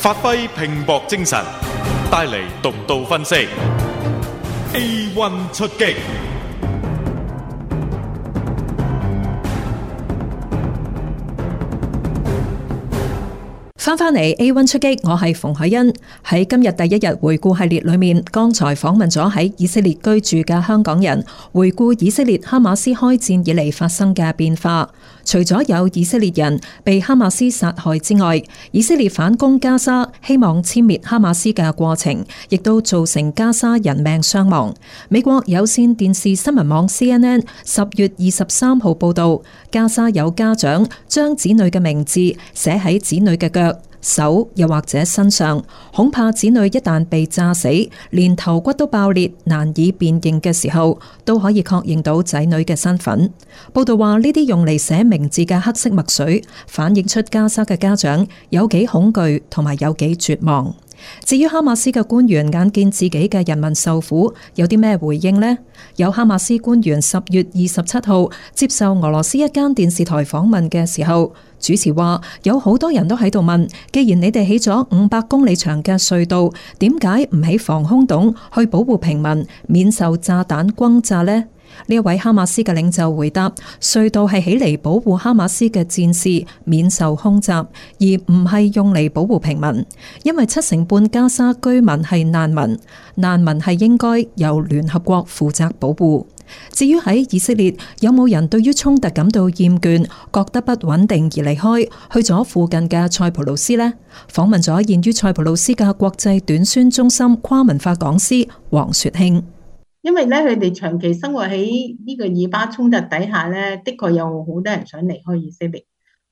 發揮拼搏精神，帶嚟獨到分析。A one 出擊，返返嚟。A one 出擊，我係馮凱欣。喺今日第一日回顧系列裏面，剛才訪問咗喺以色列居住嘅香港人，回顧以色列哈馬斯開戰以嚟發生嘅變化。除咗有以色列人被哈馬斯殺害之外，以色列反攻加沙，希望殲滅哈馬斯嘅過程，亦都造成加沙人命傷亡。美國有線電視新聞網 CNN 十月二十三號報道，加沙有家長將子女嘅名字寫喺子女嘅腳手又或者身上，恐怕子女一旦被炸死，連頭骨都爆裂，難以辨認嘅時候，都可以確認到仔女嘅身份。報道話呢啲用嚟寫名字嘅黑色墨水，反映出加沙嘅家長有幾恐懼同埋有幾絕望。至於哈馬斯嘅官員，眼見自己嘅人民受苦，有啲咩回應呢？有哈馬斯官員十月二十七號接受俄羅斯一間電視台訪問嘅時候。主持話：有好多人都喺度問，「既然你哋起咗五百公里長嘅隧道，點解唔起防空洞去保護平民免受炸彈轟炸呢？」呢位哈馬斯嘅領袖回答：隧道係起嚟保護哈馬斯嘅戰士免受轟炸，而唔係用嚟保護平民，因為七成半加沙居民係難民，難民係應該由聯合國負責保護。至於喺以色列有冇人對於衝突感到厭倦，覺得不穩定而離開，去咗附近嘅塞浦路斯呢？訪問咗現於塞浦路斯嘅國際短宣中心跨文化講師黃雪卿，因為咧佢哋長期生活喺呢個以巴衝突底下咧，的確有好多人想離開以色列。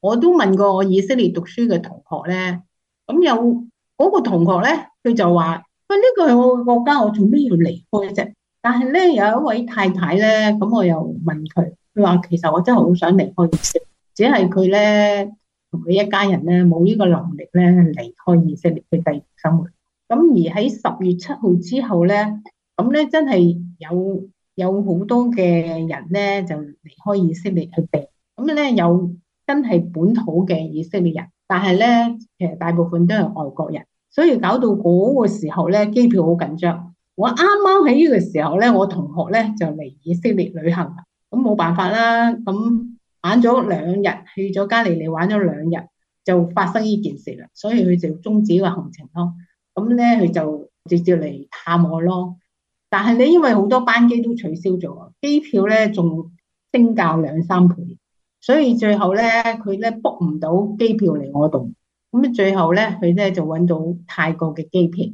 我都問過我以色列讀書嘅同學咧，咁有嗰個同學咧，佢就話：喂，呢個係我嘅國家，我做咩要離開啫？但係咧，有一位太太咧，咁我又問佢，佢話其實我真係好想離開以色列，只係佢咧同佢一家人咧冇呢個能力咧離開以色列去第二個生活。咁而喺十月七號之後咧，咁咧真係有有好多嘅人咧就離開以色列去避。咁咧有真係本土嘅以色列人，但係咧其實大部分都係外國人，所以搞到嗰個時候咧機票好緊張。我啱啱喺呢個時候咧，我同學咧就嚟以色列旅行，咁冇辦法啦，咁玩咗兩日，去咗加利利玩咗兩日，就發生呢件事啦，所以佢就終止個行程咯。咁咧佢就直接嚟探我咯。但係你因為好多班機都取消咗，機票咧仲升價兩三倍，所以最後咧佢咧 book 唔到機票嚟我度。咁最後咧佢咧就揾到泰國嘅機票。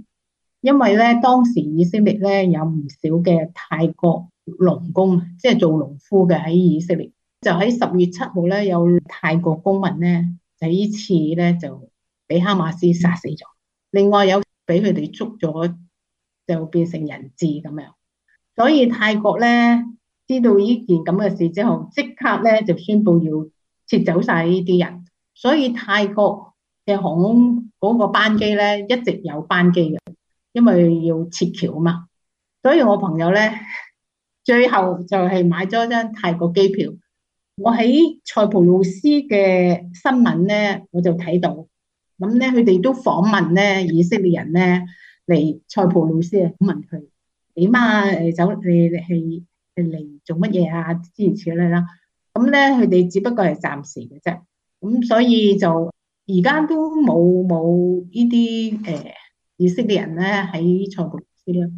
因為咧，當時以色列咧有唔少嘅泰國農工，即係做農夫嘅喺以色列。就喺十月七號咧，有泰國公民咧，就呢次咧就俾哈馬斯殺死咗。另外有俾佢哋捉咗，就變成人質咁樣。所以泰國咧知道呢件咁嘅事之後，即刻咧就宣布要撤走晒呢啲人。所以泰國嘅航空嗰個班機咧，一直有班機嘅。因為要撤僑啊嘛，所以我朋友咧最後就係買咗張泰國機票。我喺塞浦路斯嘅新聞咧，我就睇到，咁咧佢哋都訪問咧以色列人咧嚟塞浦路斯。啊，問佢點啊？誒走你嚟嚟做乜嘢啊？諸如此類啦。咁咧佢哋只不過係暫時嘅啫。咁所以就而家都冇冇呢啲誒。以色列人咧喺塞浦路斯啦，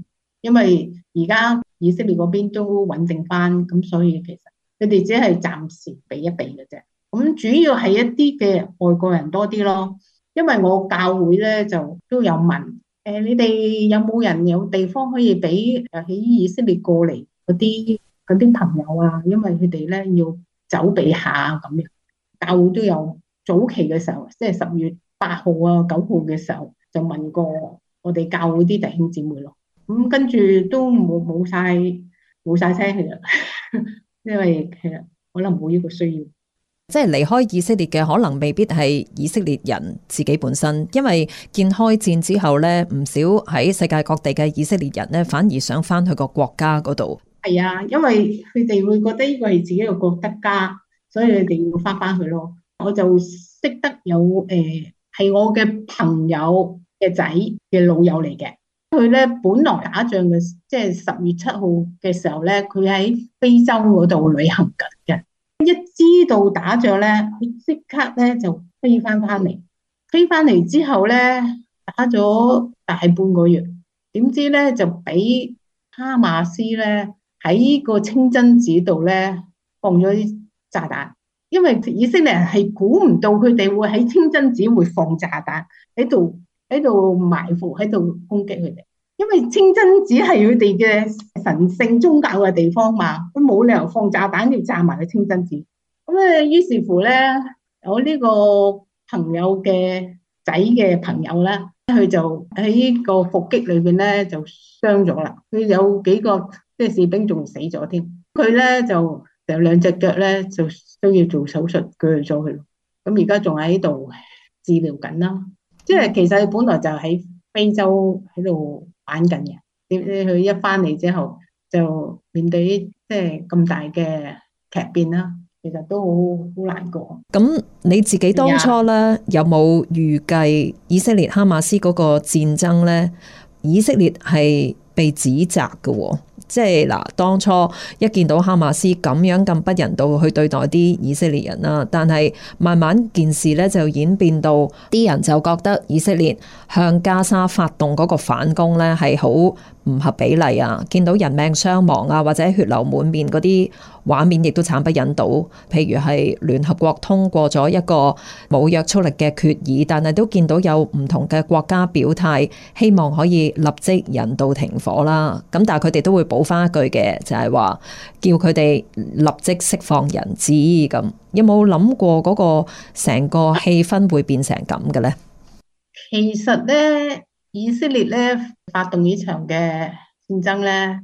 因為而家以色列嗰邊都穩定翻，咁所以其實佢哋只係暫時避一避嘅啫。咁主要係一啲嘅外國人多啲咯，因為我教會咧就都有問誒、欸，你哋有冇人有地方可以俾，誒，喺以色列過嚟嗰啲嗰啲朋友啊？因為佢哋咧要走避下咁樣，教會都有早期嘅時候，即係十月八號啊九號嘅時候。就問過我哋教會啲弟兄姊妹咯，咁跟住都冇冇曬冇曬聲其實， 因為其實可能冇呢個需要。即係離開以色列嘅，可能未必係以色列人自己本身，因為見開戰之後咧，唔少喺世界各地嘅以色列人咧，反而想翻去個國家嗰度。係啊，因為佢哋會覺得呢個係自己嘅國德家，所以佢哋要翻翻去咯。我就識得有誒係、呃、我嘅朋友。嘅仔嘅老友嚟嘅，佢咧本來打仗嘅，即係十月七號嘅時候咧，佢喺非洲嗰度旅行緊嘅。一知道打仗咧，佢即刻咧就飛翻翻嚟，飛翻嚟之後咧打咗大半個月，點知咧就俾哈馬斯咧喺個清真寺度咧放咗啲炸彈，因為以色列係估唔到佢哋會喺清真寺會放炸彈喺度。喺度埋伏，喺度攻擊佢哋，因為清真寺係佢哋嘅神聖宗教嘅地方嘛，佢冇理由放炸彈要炸埋去清真寺。咁咧，於是乎咧，我呢個朋友嘅仔嘅朋友咧，佢就喺呢個伏擊裏邊咧就傷咗啦。佢有幾個即係士兵仲死咗添，佢咧就有兩隻腳咧就需要做手術鋸咗佢，咁而家仲喺度治療緊啦。即係其實佢本來就喺非洲喺度玩緊嘅，點知佢一翻嚟之後就面對啲即係咁大嘅劇變啦，其實都好難過。咁你自己當初咧的有冇預計以色列哈馬斯嗰個戰爭咧？以色列係被指責嘅喎。即係嗱，當初一見到哈馬斯咁樣咁不人道去對待啲以色列人啦，但係慢慢件事咧就演變到啲人就覺得以色列向加沙發動嗰個反攻咧係好唔合比例啊，見到人命傷亡啊或者血流滿面嗰啲。畫面亦都慘不忍睹，譬如係聯合國通過咗一個冇約束力嘅決議，但係都見到有唔同嘅國家表態，希望可以立即人道停火啦。咁但係佢哋都會補翻一句嘅，就係話叫佢哋立即釋放人質。咁有冇諗過嗰個成個氣氛會變成咁嘅呢？其實呢，以色列呢發動呢場嘅戰爭呢，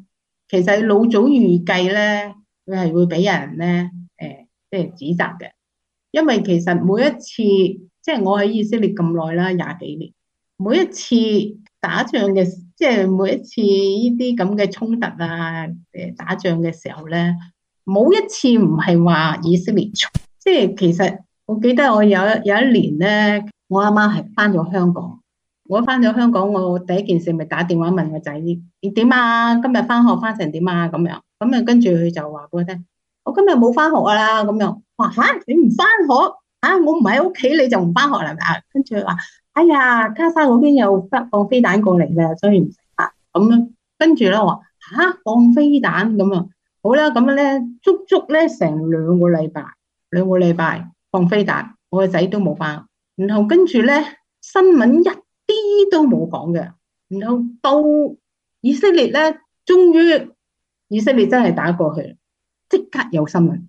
其實老早預計呢。佢係會俾人咧，誒，即係指責嘅。因為其實每一次，即係我喺以色列咁耐啦，廿幾年，每一次打仗嘅，即係每一次呢啲咁嘅衝突啊，誒，打仗嘅時候咧，冇一次唔係話以色列錯。即係其實我記得我有一有一年咧，我阿媽係翻咗香港，我翻咗香港，我第一件事咪打電話問個仔，你點啊？今日翻學翻成點啊？咁樣。咁啊，跟住佢就話俾我聽，我今日冇翻學啊啦，咁樣，話吓、啊、你唔翻學，啊，我唔喺屋企，你就唔翻學啦，啊，跟住佢話，哎呀，加沙嗰邊又放放飛彈過嚟啦，所以唔得，咁樣，跟住咧我話吓、啊、放飛彈，咁啊，好啦，咁樣咧，足足咧成兩個禮拜，兩個禮拜放飛彈，我個仔都冇翻學，然後跟住咧新聞一啲都冇講嘅，然後到以色列咧，終於。以色列真係打過去，即刻有新聞，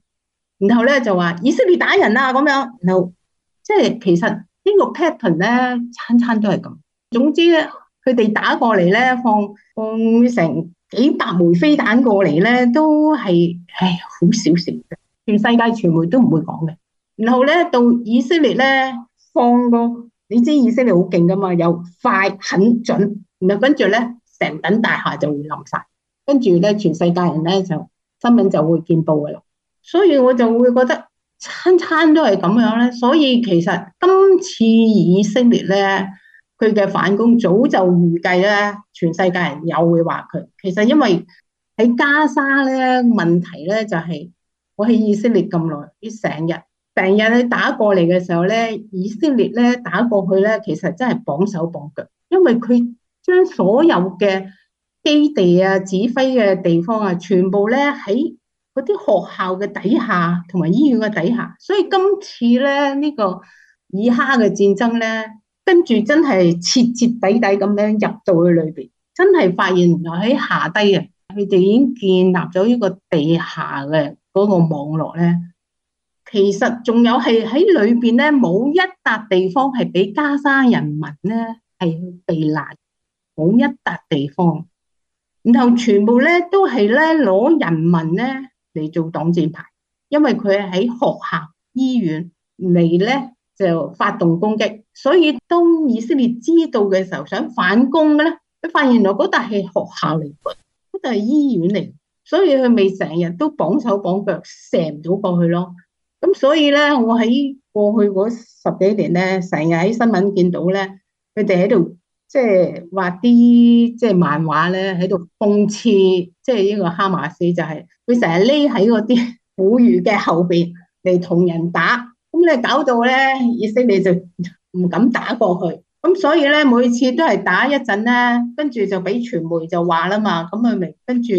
然後咧就話以色列打人啊，咁樣，然後即係其實個呢個 pattern 咧，餐餐都係咁。總之咧，佢哋打過嚟咧，放放、嗯、成幾百枚飛彈過嚟咧，都係唉，好少少嘅。全世界傳媒都唔會講嘅。然後咧，到以色列咧放個，你知以色列好勁㗎嘛，又快，很準，然後跟住咧，成棟大廈就會冧晒。跟住咧，全世界人咧就新聞就會見報噶啦，所以我就會覺得餐餐都係咁樣咧。所以其實今次以色列咧，佢嘅反攻早就預計咧，全世界人又會話佢。其實因為喺加沙咧，問題咧就係、是、我喺以色列咁耐，啲成日成日你打過嚟嘅時候咧，以色列咧打過去咧，其實真係綁手綁腳，因為佢將所有嘅。基地啊，指揮嘅地方啊，全部咧喺嗰啲學校嘅底下，同埋醫院嘅底下。所以今次咧呢個以哈嘅戰爭咧，跟住真係徹徹底底咁樣入到去裏邊，真係發現原來喺下低啊，佢哋已經建立咗呢個地下嘅嗰個網絡咧。其實仲有係喺裏邊咧，冇一笪地方係俾加沙人民咧係避難，冇一笪地方。然後全部咧都係咧攞人民咧嚟做擋箭牌因為佢喺學校、醫院嚟咧就發動攻擊，所以當以色列知道嘅時候想反攻嘅咧，佢發現原來嗰笪係學校嚟，嗰笪係醫院嚟，所以佢咪成日都綁手綁腳，射唔到過去咯。咁所以咧，我喺過去嗰十幾年咧，成日喺新聞見到咧，佢哋喺度。即係畫啲即係漫畫咧，喺度諷刺，即係呢個哈馬斯就係佢成日匿喺嗰啲古語嘅後邊嚟，同人打，咁你搞到咧以色列就唔敢打過去，咁所以咧每次都係打一陣咧，跟住就俾傳媒就話啦嘛，咁佢咪跟住，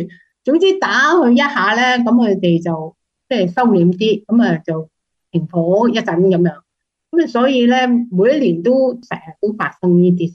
總之打佢一下咧，咁佢哋就即係收斂啲，咁啊，就停火一陣咁樣，咁啊所以咧每一年都成日都發生呢啲。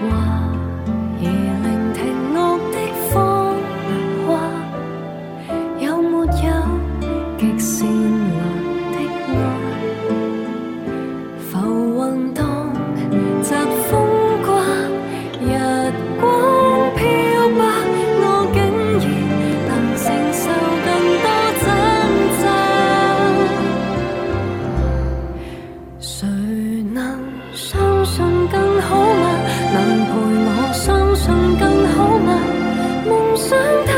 話而聆聽惡的謊話，有沒有極善良的愛？浮雲蕩，疾風刮，日光漂泊，我竟然能承受更多掙扎，誰能？能陪我相信更好嗎？夢想。